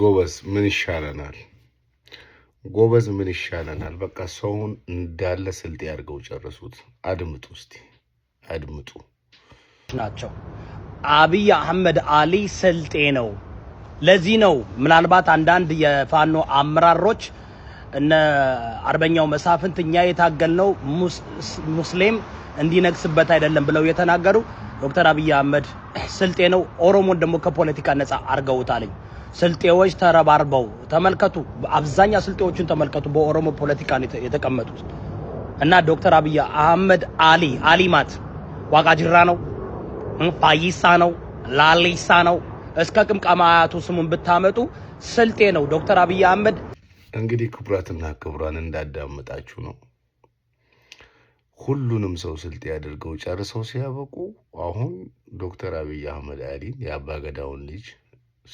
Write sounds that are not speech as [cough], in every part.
ጎበዝ ምን ይሻለናል፣ ጎበዝ ምን ይሻለናል። በቃ ሰውን እንዳለ ስልጤ አድርገው ጨረሱት። አድምጡ እስቲ አድምጡ። ናቸው አብይ አህመድ አሊ ስልጤ ነው። ለዚህ ነው ምናልባት አንዳንድ የፋኖ አመራሮች እነ አርበኛው መሳፍንት እኛ የታገልነው ሙስሊም እንዲነግስበት አይደለም ብለው የተናገሩ ዶክተር አብይ አህመድ ስልጤ ነው፣ ኦሮሞን ደግሞ ከፖለቲካ ነፃ አድርገውታል። ስልጤዎች ተረባርበው ተመልከቱ። አብዛኛው ስልጤዎቹን ተመልከቱ። በኦሮሞ ፖለቲካ የተቀመጡት እና ዶክተር አብይ አህመድ አሊ አሊማት ዋቃጅራ ነው፣ ፋይሳ ነው፣ ላሊሳ ነው። እስከ ቅምቃማ አያቱ ስሙን ብታመጡ ስልጤ ነው ዶክተር አብይ አህመድ። እንግዲህ ክቡራትና ክቡራን እንዳዳመጣችሁ ነው። ሁሉንም ሰው ስልጤ አድርገው ጨርሰው ሲያበቁ አሁን ዶክተር አብይ አህመድ አሊን የአባገዳውን ልጅ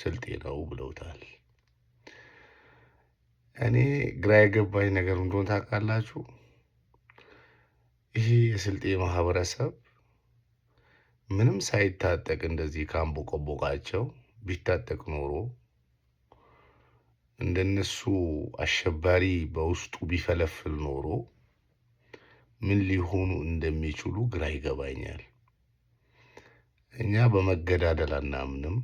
ስልጤ ነው ብለውታል። እኔ ግራ የገባኝ ነገር እንደሆነ ታውቃላችሁ፣ ይህ የስልጤ ማህበረሰብ ምንም ሳይታጠቅ እንደዚህ ካንቦቀቦቃቸው ቢታጠቅ ኖሮ እንደነሱ አሸባሪ በውስጡ ቢፈለፍል ኖሮ ምን ሊሆኑ እንደሚችሉ ግራ ይገባኛል። እኛ በመገዳደል አናምንም።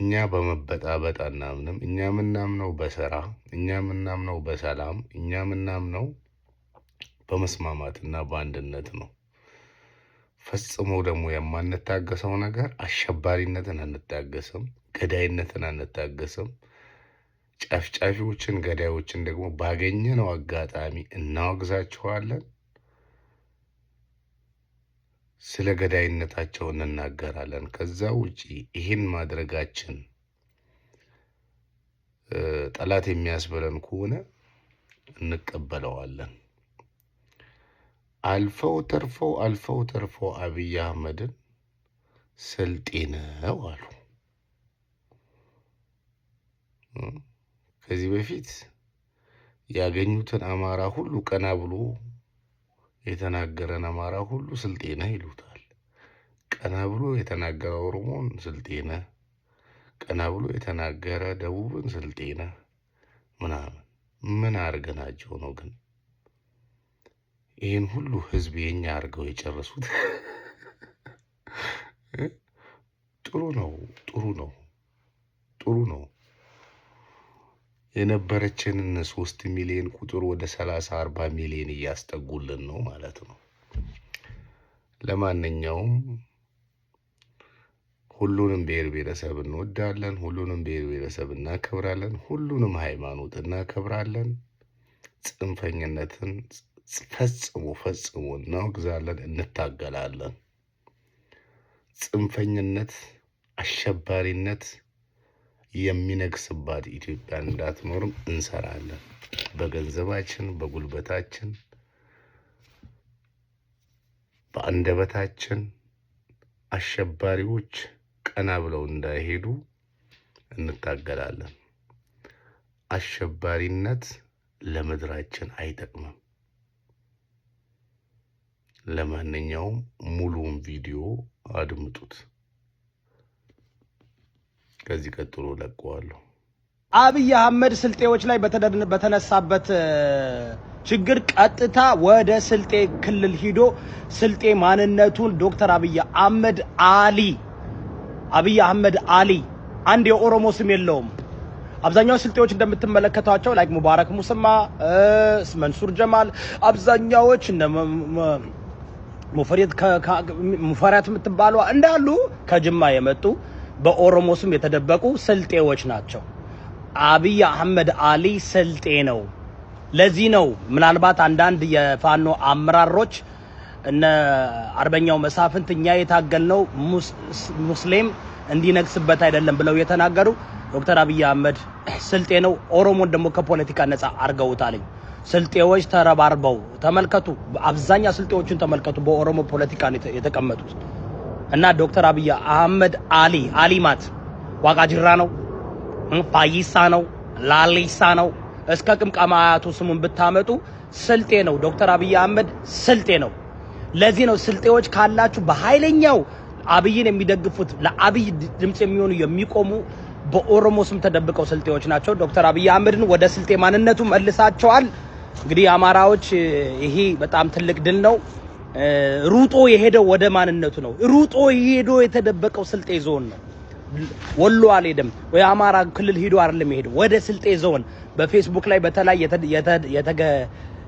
እኛ በመበጣበጥ አናምንም። እኛ ምናምነው በስራ፣ እኛ ምናምነው በሰላም፣ እኛ ምናምነው በመስማማትና በአንድነት ነው። ፈጽሞ ደግሞ የማንታገሰው ነገር አሸባሪነትን አንታገስም፣ ገዳይነትን አንታገስም። ጨፍጫፊዎችን፣ ገዳዮችን ደግሞ ባገኘነው አጋጣሚ እናወግዛቸዋለን። ስለ ገዳይነታቸው እንናገራለን። ከዛ ውጪ ይህን ማድረጋችን ጠላት የሚያስብለን ከሆነ እንቀበለዋለን። አልፈው ተርፈው አልፈው ተርፈው አብይ አህመድን ስልጤ ነው አሉ። ከዚህ በፊት ያገኙትን አማራ ሁሉ ቀና ብሎ የተናገረን አማራ ሁሉ ስልጤነ ይሉታል። ቀና ብሎ የተናገረ ኦሮሞን ስልጤነ ቀና ብሎ የተናገረ ደቡብን ስልጤነ ምናምን። ምን አርገናቸው ነው ግን ይህን ሁሉ ህዝብ የኛ አድርገው የጨረሱት? [laughs] ጥሩ ነው ጥሩ ነው ጥሩ ነው የነበረችንን ሶስት ሚሊዮን ቁጥር ወደ ሰላሳ አርባ ሚሊዮን እያስጠጉልን ነው ማለት ነው። ለማንኛውም ሁሉንም ብሔር ብሔረሰብ እንወዳለን። ሁሉንም ብሔር ብሔረሰብ እናከብራለን። ሁሉንም ሃይማኖት እናከብራለን። ጽንፈኝነትን ፈጽሞ ፈጽሞ እናወግዛለን፣ እንታገላለን። ጽንፈኝነት፣ አሸባሪነት የሚነግስባት ኢትዮጵያ እንዳትኖርም እንሰራለን። በገንዘባችን፣ በጉልበታችን፣ በአንደበታችን አሸባሪዎች ቀና ብለው እንዳይሄዱ እንታገላለን። አሸባሪነት ለምድራችን አይጠቅምም። ለማንኛውም ሙሉውን ቪዲዮ አድምጡት። ከዚህ ቀጥሎ ለቀዋለሁ። አብይ አህመድ ስልጤዎች ላይ በተነሳበት ችግር ቀጥታ ወደ ስልጤ ክልል ሂዶ ስልጤ ማንነቱን ዶክተር አብይ አህመድ አሊ አብይ አህመድ አሊ አንድ የኦሮሞ ስም የለውም። አብዛኛው ስልጤዎች እንደምትመለከቷቸው ላይክ ሙባረክ ሙስማ፣ መንሱር ጀማል አብዛኛዎች እነ ሙፈሪያት የምትባሉ እንዳሉ ከጅማ የመጡ በኦሮሞ ስም የተደበቁ ስልጤዎች ናቸው። አብይ አህመድ አሊ ስልጤ ነው። ለዚህ ነው ምናልባት አንዳንድ የፋኖ አመራሮች እነ አርበኛው መሳፍንት እኛ የታገልነው ሙስሊም እንዲነግስበት አይደለም ብለው የተናገሩ ዶክተር አብይ አህመድ ስልጤ ነው። ኦሮሞን ደግሞ ከፖለቲካ ነጻ አርገውታልኝ። ስልጤዎች ተረባርበው ተመልከቱ። አብዛኛው ስልጤዎቹን ተመልከቱ። በኦሮሞ ፖለቲካ የተቀመጡት እና ዶክተር አብይ አህመድ አሊ አሊማት ዋቃጅራ ነው፣ ፋይሳ ነው፣ ላሊሳ ነው። እስከ ቅምቃማ አያቱ ስሙን ብታመጡ ስልጤ ነው። ዶክተር አብይ አህመድ ስልጤ ነው። ለዚህ ነው ስልጤዎች ካላችሁ በኃይለኛው አብይን የሚደግፉት ለአብይ ድምፅ የሚሆኑ የሚቆሙ በኦሮሞ ስም ተደብቀው ስልጤዎች ናቸው። ዶክተር አብይ አህመድን ወደ ስልጤ ማንነቱ መልሳቸዋል። እንግዲህ አማራዎች ይሄ በጣም ትልቅ ድል ነው። ሩጦ የሄደው ወደ ማንነቱ ነው። ሩጦ ሄዶ የተደበቀው ስልጤ ዞን ነው። ወሎ አልሄደም ወይ አማራ ክልል ሄዶ አይደለም የሄደው ወደ ስልጤ ዞን በፌስቡክ ላይ በተለይ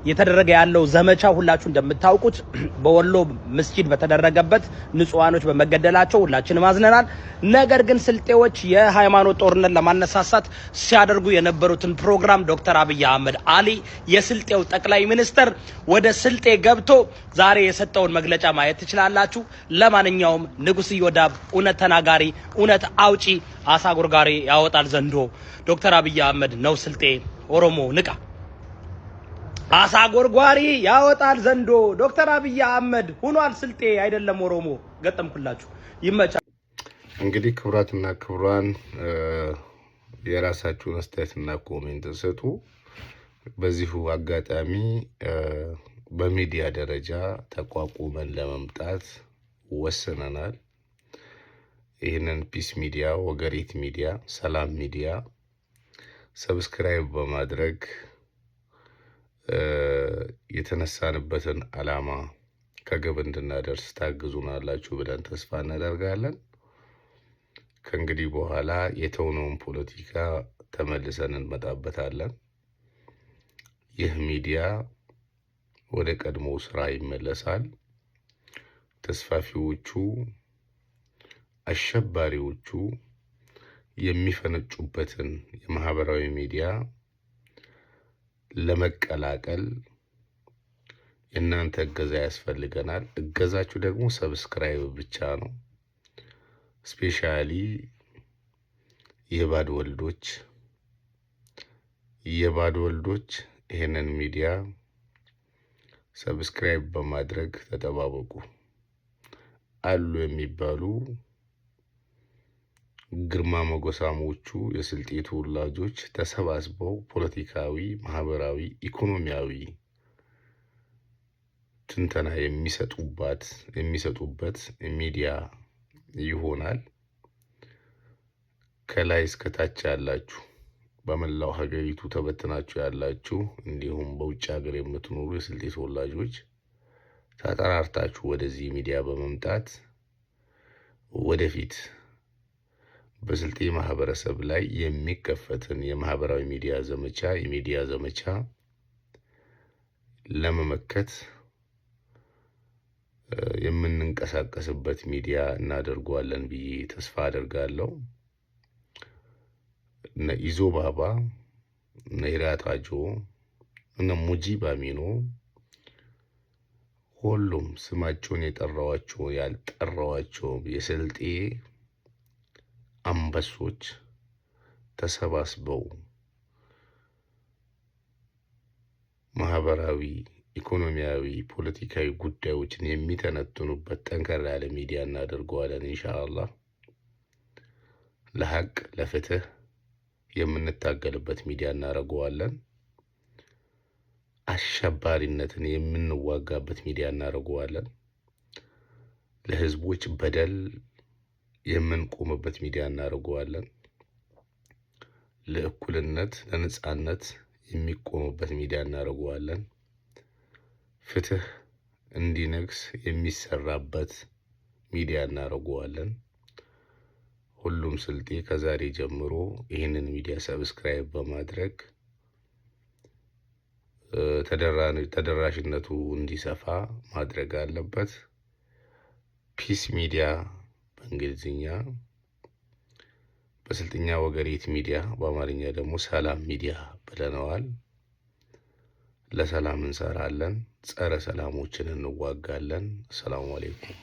እየተደረገ ያለው ዘመቻ ሁላችሁ እንደምታውቁት [clears throat] በወሎ ምስጂድ በተደረገበት ንጹሃኖች በመገደላቸው ሁላችንም አዝነናል። ነገር ግን ስልጤዎች የሃይማኖት ጦርነት ለማነሳሳት ሲያደርጉ የነበሩትን ፕሮግራም ዶክተር አብይ አህመድ አሊ የስልጤው ጠቅላይ ሚኒስተር ወደ ስልጤ ገብቶ ዛሬ የሰጠውን መግለጫ ማየት ትችላላችሁ። ለማንኛውም ንጉስ ኢዮዳብ እውነት ተናጋሪ፣ እውነት አውጪ፣ አሳ ጉርጋሪ ያወጣል ዘንዶ ዶክተር አብይ አህመድ ነው። ስልጤ ኦሮሞ ንቃ! አሳ ጎርጓሪ ያወጣል ዘንዶ። ዶክተር አብይ አህመድ ሁኗል ስልጤ አይደለም ኦሮሞ። ገጠምኩላችሁ። ይመቻል። እንግዲህ ክቡራትና ክቡራን የራሳችሁን አስተያየትና ኮሜንት ስጡ። በዚሁ አጋጣሚ በሚዲያ ደረጃ ተቋቁመን ለመምጣት ወስነናል። ይህንን ፒስ ሚዲያ፣ ወገሪት ሚዲያ፣ ሰላም ሚዲያ ሰብስክራይብ በማድረግ የተነሳንበትን ዓላማ ከግብ እንድናደርስ ታግዙናላችሁ ብለን ተስፋ እናደርጋለን። ከእንግዲህ በኋላ የተውነውን ፖለቲካ ተመልሰን እንመጣበታለን። ይህ ሚዲያ ወደ ቀድሞ ስራ ይመለሳል። ተስፋፊዎቹ አሸባሪዎቹ የሚፈነጩበትን የማህበራዊ ሚዲያ ለመቀላቀል የእናንተ እገዛ ያስፈልገናል። እገዛችሁ ደግሞ ሰብስክራይብ ብቻ ነው። ስፔሻሊ የባድ ወልዶች የባድ ወልዶች ይህንን ሚዲያ ሰብስክራይብ በማድረግ ተጠባበቁ። አሉ የሚባሉ ግርማ መጎሳሞቹ የስልጤ ተወላጆች ተሰባስበው ፖለቲካዊ፣ ማህበራዊ፣ ኢኮኖሚያዊ ትንተና የሚሰጡባት የሚሰጡበት ሚዲያ ይሆናል። ከላይ እስከታች ያላችሁ በመላው ሀገሪቱ ተበትናችሁ ያላችሁ እንዲሁም በውጭ ሀገር የምትኖሩ የስልጤ ተወላጆች ተጠራርታችሁ ወደዚህ ሚዲያ በመምጣት ወደፊት በስልጤ ማህበረሰብ ላይ የሚከፈትን የማህበራዊ ሚዲያ ዘመቻ የሚዲያ ዘመቻ ለመመከት የምንንቀሳቀስበት ሚዲያ እናደርገዋለን ብዬ ተስፋ አደርጋለሁ። እነ ኢዞ ባባ፣ እነ ሂራታ ጆ፣ እነ ሙጂብ አሚኖ ሁሉም ስማቸውን የጠራዋቸው ያልጠራዋቸውም የስልጤ አንበሶች ተሰባስበው ማህበራዊ፣ ኢኮኖሚያዊ፣ ፖለቲካዊ ጉዳዮችን የሚተነትኑበት ጠንከር ያለ ሚዲያ እናደርገዋለን። ኢንሻአላህ ለሀቅ ለፍትህ የምንታገልበት ሚዲያ እናደርገዋለን። አሸባሪነትን የምንዋጋበት ሚዲያ እናደርገዋለን። ለህዝቦች በደል የምንቆምበት ሚዲያ እናደርገዋለን። ለእኩልነት ለነጻነት የሚቆምበት ሚዲያ እናደርገዋለን። ፍትህ እንዲነግስ የሚሰራበት ሚዲያ እናደርገዋለን። ሁሉም ስልጤ ከዛሬ ጀምሮ ይህንን ሚዲያ ሰብስክራይብ በማድረግ ተደራሽነቱ እንዲሰፋ ማድረግ አለበት። ፒስ ሚዲያ በእንግሊዝኛ በስልጥኛ ወገሬት ሚዲያ በአማርኛ ደግሞ ሰላም ሚዲያ ብለነዋል። ለሰላም እንሰራለን፣ ጸረ ሰላሞችን እንዋጋለን። አሰላሙ አሌይኩም።